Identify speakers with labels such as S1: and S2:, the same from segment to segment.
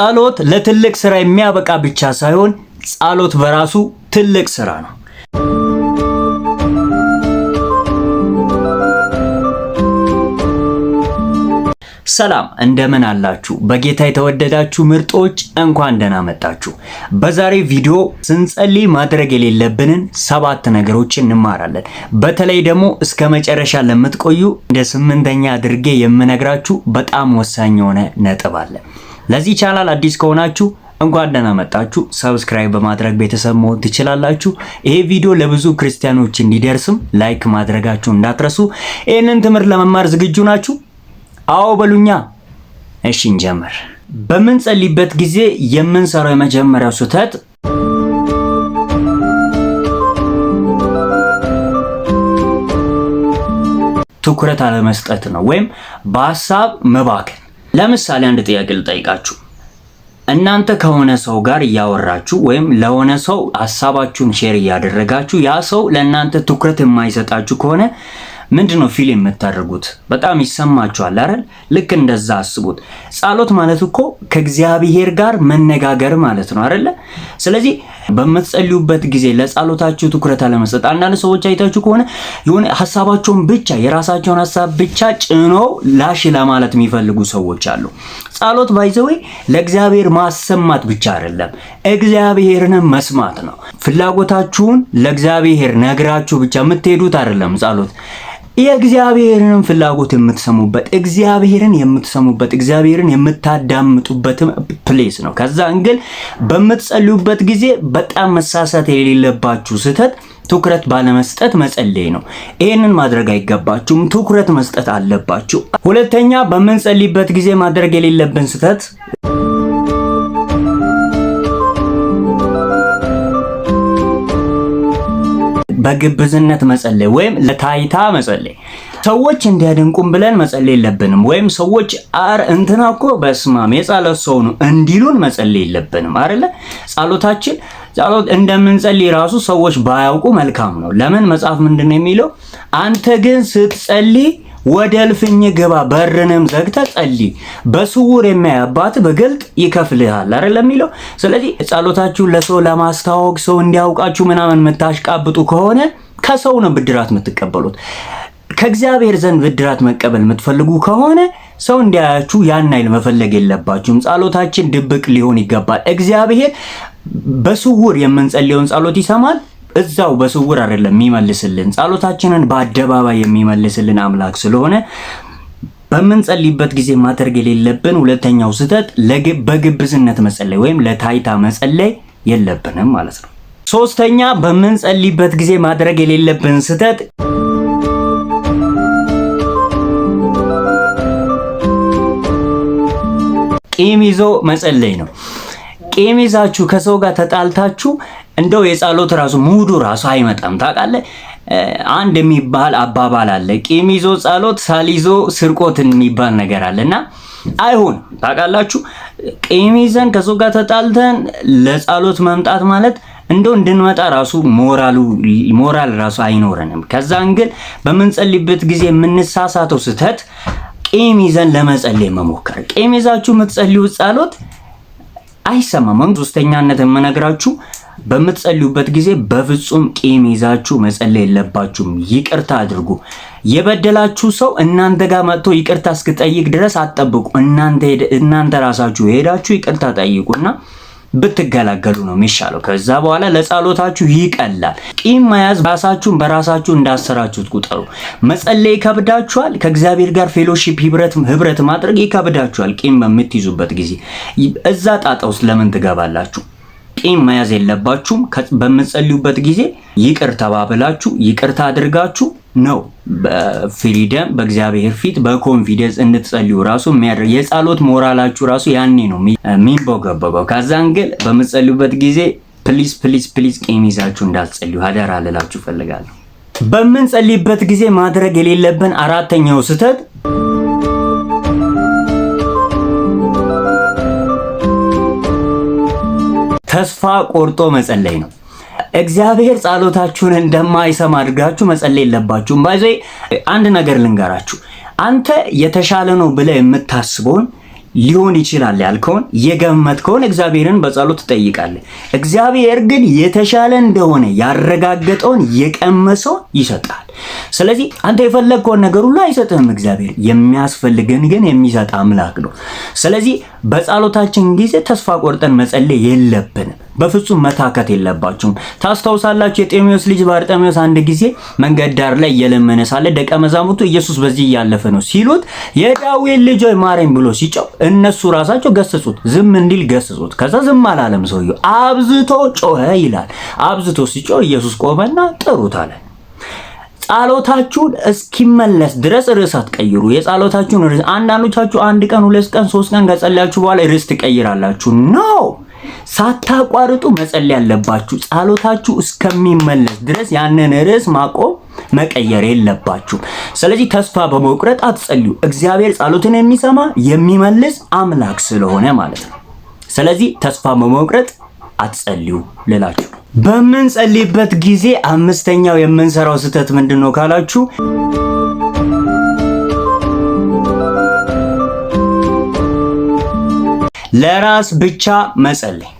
S1: ጸሎት ለትልቅ ስራ የሚያበቃ ብቻ ሳይሆን ጸሎት በራሱ ትልቅ ስራ ነው። ሰላም እንደምን አላችሁ? በጌታ የተወደዳችሁ ምርጦች እንኳን ደህና መጣችሁ። በዛሬ ቪዲዮ ስንጸልይ ማድረግ የሌለብንን ሰባት ነገሮች እንማራለን። በተለይ ደግሞ እስከ መጨረሻ ለምትቆዩ እንደ ስምንተኛ አድርጌ የምነግራችሁ በጣም ወሳኝ የሆነ ነጥብ አለ። ለዚህ ቻናል አዲስ ከሆናችሁ እንኳን ደህና መጣችሁ። ሰብስክራይብ በማድረግ ቤተሰብ መሆን ትችላላችሁ። ይሄ ቪዲዮ ለብዙ ክርስቲያኖች እንዲደርስም ላይክ ማድረጋችሁ እንዳትረሱ። ይህንን ትምህርት ለመማር ዝግጁ ናችሁ? አዎ በሉኛ። እሺ እንጀምር። በምንጸልይበት ጊዜ የምንሰራው የመጀመሪያው ስህተት ትኩረት አለመስጠት ነው፣ ወይም በሀሳብ መባከን ለምሳሌ አንድ ጥያቄ ልጠይቃችሁ። እናንተ ከሆነ ሰው ጋር እያወራችሁ ወይም ለሆነ ሰው ሀሳባችሁን ሼር እያደረጋችሁ ያ ሰው ለእናንተ ትኩረት የማይሰጣችሁ ከሆነ ምንድን ነው ፊል የምታደርጉት? በጣም ይሰማችኋል አይደል? ልክ እንደዛ አስቡት። ጸሎት ማለት እኮ ከእግዚአብሔር ጋር መነጋገር ማለት ነው አይደለ? ስለዚህ በምትጸልዩበት ጊዜ ለጸሎታችሁ ትኩረት አለመስጠት። አንዳንድ ሰዎች አይታችሁ ከሆነ የሆነ ሀሳባቸውን ብቻ የራሳቸውን ሀሳብ ብቻ ጭኖ ላሽ ለማለት የሚፈልጉ ሰዎች አሉ። ጸሎት ባይዘዌ ለእግዚአብሔር ማሰማት ብቻ አይደለም፣ እግዚአብሔርንም መስማት ነው። ፍላጎታችሁን ለእግዚአብሔር ነግራችሁ ብቻ የምትሄዱት አይደለም ጸሎት የእግዚአብሔርንም ፍላጎት የምትሰሙበት እግዚአብሔርን የምትሰሙበት እግዚአብሔርን የምታዳምጡበት ፕሌስ ነው። ከዛ እንግል በምትጸልዩበት ጊዜ በጣም መሳሳት የሌለባችሁ ስህተት ትኩረት ባለመስጠት መጸለይ ነው። ይህንን ማድረግ አይገባችሁም። ትኩረት መስጠት አለባችሁ። ሁለተኛ በምንጸልይበት ጊዜ ማድረግ የሌለብን ስህተት በግብዝነት መጸለይ ወይም ለታይታ መጸለይ ሰዎች እንዲያደንቁም ብለን መጸለይ የለብንም። ወይም ሰዎች አር እንትና እኮ በስማም የጸሎት ሰው ነው እንዲሉን መጸለይ የለብንም አይደለ? ጸሎታችን ጸሎት እንደምንጸልይ ራሱ ሰዎች ባያውቁ መልካም ነው። ለምን መጽሐፍ ምንድን ነው የሚለው? አንተ ግን ስትጸልይ ወደ እልፍኝ ግባ በርንም ዘግተ ጸልይ፣ በስውር የሚያይ አባት በግልጥ ይከፍልሃል አይደል የሚለው። ስለዚህ ጸሎታችሁን ለሰው ለማስታወቅ ሰው እንዲያውቃችሁ ምናምን የምታሽቃብጡ ከሆነ ከሰው ነው ብድራት የምትቀበሉት። ከእግዚአብሔር ዘንድ ብድራት መቀበል የምትፈልጉ ከሆነ ሰው እንዲያያችሁ ያን አይል መፈለግ የለባችሁም። ጸሎታችን ድብቅ ሊሆን ይገባል። እግዚአብሔር በስውር የምንጸልየውን ጸሎት ይሰማል። እዛው በስውር አይደለም የሚመልስልን፣ ጸሎታችንን በአደባባይ የሚመልስልን አምላክ ስለሆነ በምንጸልይበት ጊዜ ማድረግ የሌለብን ሁለተኛው ስህተት በግብዝነት መጸለይ ወይም ለታይታ መጸለይ የለብንም ማለት ነው። ሶስተኛ በምንጸልይበት ጊዜ ማድረግ የሌለብን ስህተት ቂም ይዞ መጸለይ ነው። ቂም ይዛችሁ ከሰው ጋር ተጣልታችሁ እንደው የጸሎት ራሱ ሙዱ ራሱ አይመጣም። ታውቃለህ፣ አንድ የሚባል አባባል አለ። ቂም ይዞ ጸሎት ሳልይዞ ስርቆት የሚባል ነገር እና አይሆን ታውቃላችሁ። ቂም ይዘን ከሰው ጋር ተጣልተን ለጸሎት መምጣት ማለት እንደው እንድንመጣ ራሱ ሞራሉ ሞራል ራሱ አይኖረንም። ከዛን ግን በምንጸልይበት ጊዜ የምንሳሳተው ስህተት ቂም ይዘን ለመጸለይ መሞከር። ቂም ይዛችሁ የምትጸልዩት ጸሎት አይሰማም። ወይም ሶስተኛነት የምነግራችሁ በምትጸልዩበት ጊዜ በፍጹም ቂም ይዛችሁ መጸለይ የለባችሁም። ይቅርታ አድርጉ። የበደላችሁ ሰው እናንተ ጋር መጥቶ ይቅርታ እስክጠይቅ ድረስ አትጠብቁ። እናንተ ራሳችሁ ሄዳችሁ ይቅርታ ጠይቁና ብትገላገሉ ነው የሚሻለው። ከዛ በኋላ ለጸሎታችሁ ይቀላል። ቂም መያዝ ራሳችሁን በራሳችሁ እንዳሰራችሁት ቁጠሩ። መጸለይ ይከብዳችኋል። ከእግዚአብሔር ጋር ፌሎሺፕ ህብረት ህብረት ማድረግ ይከብዳችኋል። ቂም በምትይዙበት ጊዜ እዛ ጣጣ ውስጥ ለምን ትገባላችሁ? ቂም መያዝ የለባችሁም። በምትጸልዩበት ጊዜ ይቅር ተባብላችሁ ይቅርታ አድርጋችሁ ነው በፍሪደም በእግዚአብሔር ፊት በኮንፊደንስ እንድትጸልዩ ራሱ የሚያደርግ የጸሎት ሞራላችሁ ራሱ ያኔ ነው የሚንቦገበገው። ከዛን ግን በምትጸልዩበት ጊዜ ፕሊስ ፕሊስ ፕሊስ ቂም ይዛችሁ እንዳትጸልዩ አደራ ልላችሁ ፈልጋለሁ። በምንጸልይበት ጊዜ ማድረግ የሌለብን አራተኛው ስህተት ተስፋ ቆርጦ መጸለይ ነው። እግዚአብሔር ጸሎታችሁን እንደማይሰማ አድርጋችሁ መጸለይ የለባችሁም። ባይዘ አንድ ነገር ልንገራችሁ። አንተ የተሻለ ነው ብለህ የምታስበውን ሊሆን ይችላል ያልከውን የገመትከውን እግዚአብሔርን በጸሎት ትጠይቃለህ። እግዚአብሔር ግን የተሻለ እንደሆነ ያረጋገጠውን የቀመሰውን ይሰጣል። ስለዚህ አንተ የፈለግከውን ነገር ሁሉ አይሰጥህም እግዚአብሔር። የሚያስፈልገን ግን የሚሰጥ አምላክ ነው። ስለዚህ በጸሎታችን ጊዜ ተስፋ ቆርጠን መጸለይ የለብንም። በፍጹም መታከት የለባችሁም። ታስታውሳላችሁ፣ የጤሜዎስ ልጅ ባርጤሜዎስ አንድ ጊዜ መንገድ ዳር ላይ እየለመነ ሳለ ደቀ መዛሙርቱ ኢየሱስ በዚህ እያለፈ ነው ሲሉት የዳዊት ልጅ ሆይ ማረኝ ብሎ ሲጨው እነሱ ራሳቸው ገሰጹት። ዝም እንዲል ገሰጹት። ከዛ ዝም አላለም ሰውየው፣ አብዝቶ ጮኸ ይላል። አብዝቶ ሲጮህ ኢየሱስ ቆመና ጥሩት አለ። ጻሎታችሁን እስኪመለስ ድረስ ርዕስ አትቀይሩ። የጻሎታችሁን ርዕስ አንዳንዶቻችሁ አንድ ቀን ሁለት ቀን ሶስት ቀን ከጸለያችሁ በኋላ ርዕስ ትቀይራላችሁ። ኖ ሳታቋርጡ መጸለይ ያለባችሁ ጻሎታችሁ እስከሚመለስ ድረስ ያንን ርዕስ ማቆም መቀየር የለባችሁም። ስለዚህ ተስፋ በመቁረጥ አትጸልዩ። እግዚአብሔር ጻሎትን የሚሰማ የሚመልስ አምላክ ስለሆነ ማለት ነው። ስለዚህ ተስፋ በመቁረጥ አትጸልዩ ልላችሁ በምንጸልይበት ጊዜ አምስተኛው የምንሰራው ስህተት ምንድን ነው ካላችሁ ለራስ ብቻ መጸለይ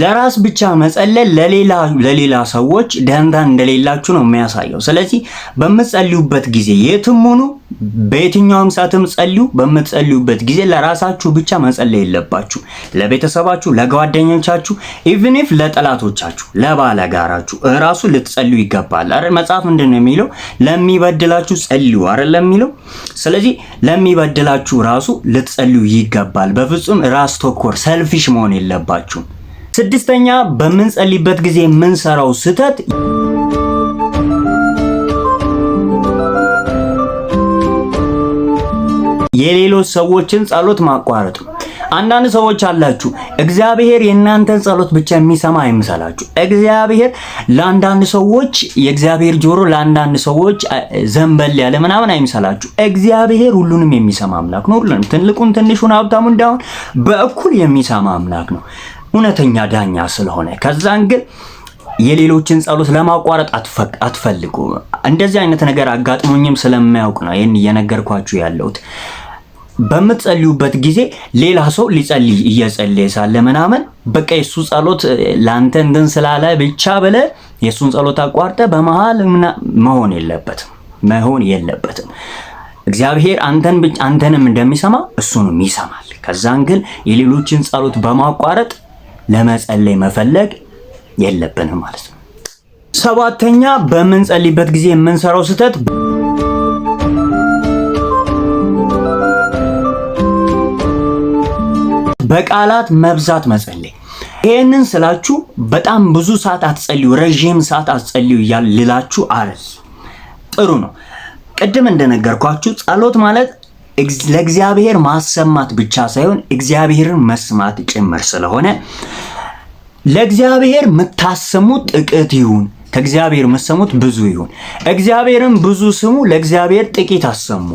S1: ለራስ ብቻ መጸለል ለሌላ ለሌላ ሰዎች ደንታ እንደሌላችሁ ነው የሚያሳየው። ስለዚህ በምትጸልዩበት ጊዜ የትም ሆኑ በየትኛውም ሰዓትም ጸልዩ። በምትጸልዩበት ጊዜ ለራሳችሁ ብቻ መጸለይ የለባችሁ። ለቤተሰባችሁ፣ ለጓደኞቻችሁ፣ ኢቭን ኢፍ ለጠላቶቻችሁ፣ ለባለጋራችሁ እራሱ ልትጸልዩ ይገባል። አረ መጽሐፍ ምንድን ነው የሚለው? ለሚበድላችሁ ጸልዩ አረ ለሚለው። ስለዚህ ለሚበድላችሁ ራሱ ልትጸልዩ ይገባል። በፍጹም ራስ ተኮር ሰልፊሽ መሆን የለባችሁም። ስድስተኛ በምንጸልይበት ጊዜ የምንሰራው ስህተት የሌሎች ሰዎችን ጸሎት ማቋረጥ ነው። አንዳንድ ሰዎች አላችሁ፣ እግዚአብሔር የእናንተን ጸሎት ብቻ የሚሰማ አይምሰላችሁ። እግዚአብሔር ለአንዳንድ ሰዎች የእግዚአብሔር ጆሮ ለአንዳንድ ሰዎች ዘንበል ያለ ምናምን አይምሰላችሁ። እግዚአብሔር ሁሉንም የሚሰማ አምላክ ነው። ሁሉንም ትልቁን፣ ትንሹን፣ ሀብታሙ እንዳሁን በእኩል የሚሰማ አምላክ ነው። እውነተኛ ዳኛ ስለሆነ። ከዛን ግን የሌሎችን ጸሎት ለማቋረጥ አትፈልጉ። እንደዚህ አይነት ነገር አጋጥሞኝም ስለማያውቅ ነው ይህን እየነገርኳችሁ ያለሁት። በምትጸልዩበት ጊዜ ሌላ ሰው ሊጸልይ እየጸለየ ሳለ ምናምን በቃ የእሱ ጸሎት ለአንተ እንትን ስላለ ብቻ ብለህ የእሱን ጸሎት አቋርጠ በመሃል መሆን የለበትም መሆን የለበትም። እግዚአብሔር አንተንም እንደሚሰማ እሱንም ይሰማል። ከዛን ግን የሌሎችን ጸሎት በማቋረጥ ለመጸለይ መፈለግ የለብንም ማለት ነው። ሰባተኛ በምንጸልይበት ጊዜ የምንሰራው ስህተት በቃላት መብዛት መጸለይ። ይህንን ስላችሁ በጣም ብዙ ሰዓት አትጸልዩ፣ ረዥም ሰዓት አትጸልዩ እያል አረስ ጥሩ ነው። ቅድም እንደነገርኳችሁ ጸሎት ማለት ለእግዚአብሔር ማሰማት ብቻ ሳይሆን እግዚአብሔርን መስማት ጭምር ስለሆነ ለእግዚአብሔር የምታሰሙት ጥቂት ይሁን፣ ከእግዚአብሔር የምትሰሙት ብዙ ይሁን። እግዚአብሔርን ብዙ ስሙ፣ ለእግዚአብሔር ጥቂት አሰሙ።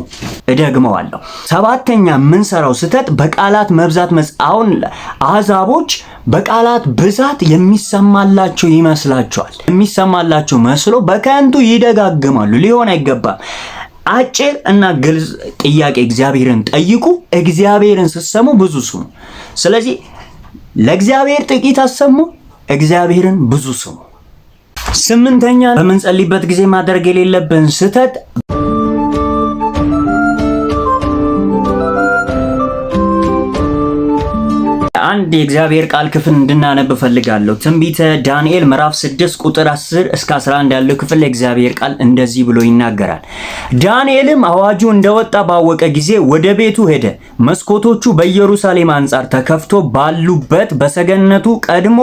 S1: እደግመዋለሁ። ሰባተኛ የምንሰራው ስህተት በቃላት መብዛት አሁን አሕዛቦች በቃላት ብዛት የሚሰማላቸው ይመስላቸዋል። የሚሰማላቸው መስሎ በከንቱ ይደጋግማሉ። ሊሆን አይገባም። አጭር እና ግልጽ ጥያቄ እግዚአብሔርን ጠይቁ። እግዚአብሔርን ስትሰሙ ብዙ ስሙ። ስለዚህ ለእግዚአብሔር ጥቂት አሰሙ፣ እግዚአብሔርን ብዙ ስሙ። ስምንተኛ በምንጸልይበት ጊዜ ማድረግ የሌለብን ስህተት
S2: አንድ የእግዚአብሔር ቃል ክፍል እንድናነብ እፈልጋለሁ። ትንቢተ ዳንኤል ምዕራፍ 6 ቁጥር 10 እስከ 11 ያለው ክፍል የእግዚአብሔር ቃል እንደዚህ ብሎ ይናገራል። ዳንኤልም አዋጁ እንደወጣ ባወቀ ጊዜ ወደ ቤቱ ሄደ። መስኮቶቹ በኢየሩሳሌም አንጻር ተከፍቶ ባሉበት በሰገነቱ ቀድሞ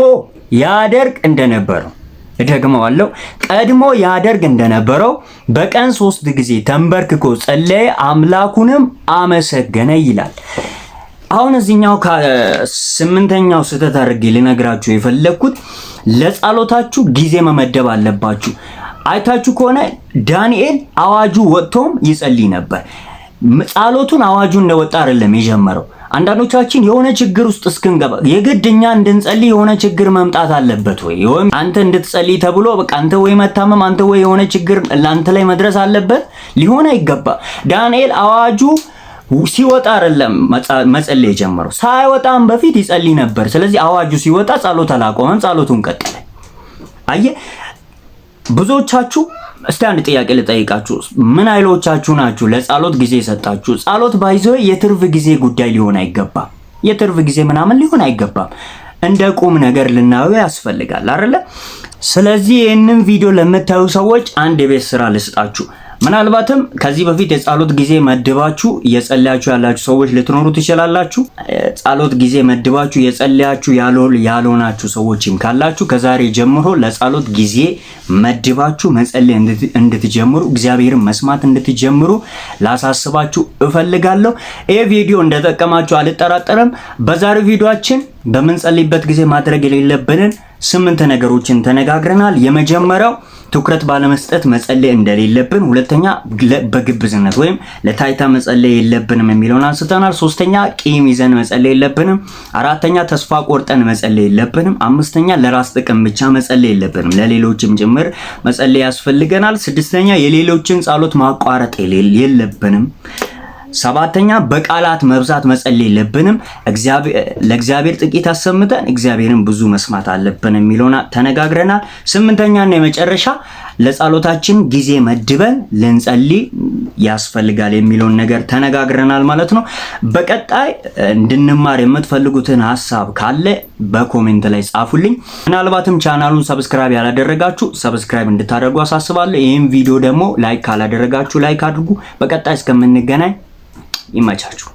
S2: ያደርግ እንደነበረው እደግመዋለሁ። ቀድሞ ያደርግ እንደነበረው በቀን ሶስት ጊዜ ተንበርክኮ ጸለየ፣ አምላኩንም አመሰገነ ይላል። አሁን እዚህኛው ከስምንተኛው ስህተት አድርጌ ልነግራችሁ የፈለግኩት ለጸሎታችሁ ጊዜ መመደብ አለባችሁ። አይታችሁ ከሆነ ዳንኤል አዋጁ ወጥቶም ይጸልይ ነበር። ጸሎቱን አዋጁ እንደወጣ አይደለም የጀመረው። አንዳንዶቻችን የሆነ ችግር ውስጥ እስክንገባ የግድ እኛ እንድንጸልይ የሆነ ችግር መምጣት አለበት ወይ ወይም አንተ እንድትጸልይ ተብሎ በቃ አንተ ወይ መታመም፣ አንተ ወይ የሆነ ችግር ለአንተ ላይ መድረስ አለበት ሊሆን አይገባ ዳንኤል አዋጁ ሲወጣ አይደለም መጸለይ የጀመረው፣ ሳይወጣም በፊት ይጸልይ ነበር። ስለዚህ አዋጁ ሲወጣ ጸሎት አላቆመም፣ ጸሎቱን ቀጠለ። አየ ብዙዎቻችሁ እስቲ አንድ ጥያቄ ልጠይቃችሁ። ምን አይሎቻችሁ ናችሁ ለጸሎት ጊዜ ሰጣችሁ ጸሎት ባይዞ የትርፍ ጊዜ ጉዳይ ሊሆን አይገባም። የትርፍ ጊዜ ምናምን ሊሆን አይገባም። እንደ ቁም ነገር ልናየው ያስፈልጋል አይደለ? ስለዚህ ይህንን ቪዲዮ ለምታዩ ሰዎች አንድ የቤት ስራ ልስጣችሁ። ምናልባትም ከዚህ በፊት የጸሎት ጊዜ መድባችሁ እየጸለያችሁ ያላችሁ ሰዎች ልትኖሩ ትችላላችሁ። ጸሎት ጊዜ መድባችሁ እየጸለያችሁ ያልሆናችሁ ሰዎችም ካላችሁ ከዛሬ ጀምሮ ለጸሎት ጊዜ መድባችሁ መጸለይ እንድትጀምሩ እግዚአብሔርን መስማት እንድትጀምሩ ላሳስባችሁ እፈልጋለሁ። ይህ ቪዲዮ እንደጠቀማችሁ አልጠራጠርም። በዛሬው ቪዲዮችን በምንጸልይበት ጊዜ ማድረግ የሌለብንን ስምንት ነገሮችን ተነጋግረናል። የመጀመሪያው ትኩረት ባለመስጠት መጸለይ እንደሌለብን፣ ሁለተኛ በግብዝነት ወይም ለታይታ መጸለይ የለብንም የሚለውን አንስተናል። ሶስተኛ ቂም ይዘን መጸለይ የለብንም። አራተኛ ተስፋ ቆርጠን መጸለይ የለብንም። አምስተኛ ለራስ ጥቅም ብቻ መጸለይ የለብንም፣ ለሌሎችም ጭምር መጸለይ ያስፈልገናል። ስድስተኛ የሌሎችን ጸሎት ማቋረጥ የለብንም። ሰባተኛ በቃላት መብዛት መጸለይ የለብንም። ለእግዚአብሔር ጥቂት አሰምተን እግዚአብሔርን ብዙ መስማት አለብን የሚለውን ተነጋግረናል። ስምንተኛና የመጨረሻ ለጸሎታችን ጊዜ መድበን ልንጸልይ ያስፈልጋል የሚለውን ነገር ተነጋግረናል ማለት ነው። በቀጣይ እንድንማር የምትፈልጉትን ሀሳብ ካለ በኮሜንት ላይ ጻፉልኝ። ምናልባትም ቻናሉን ሰብስክራይብ ያላደረጋችሁ ሰብስክራይብ እንድታደርጉ አሳስባለሁ። ይህም ቪዲዮ ደግሞ ላይክ ካላደረጋችሁ ላይክ አድርጉ። በቀጣይ እስከምንገናኝ ይመቻችሁ።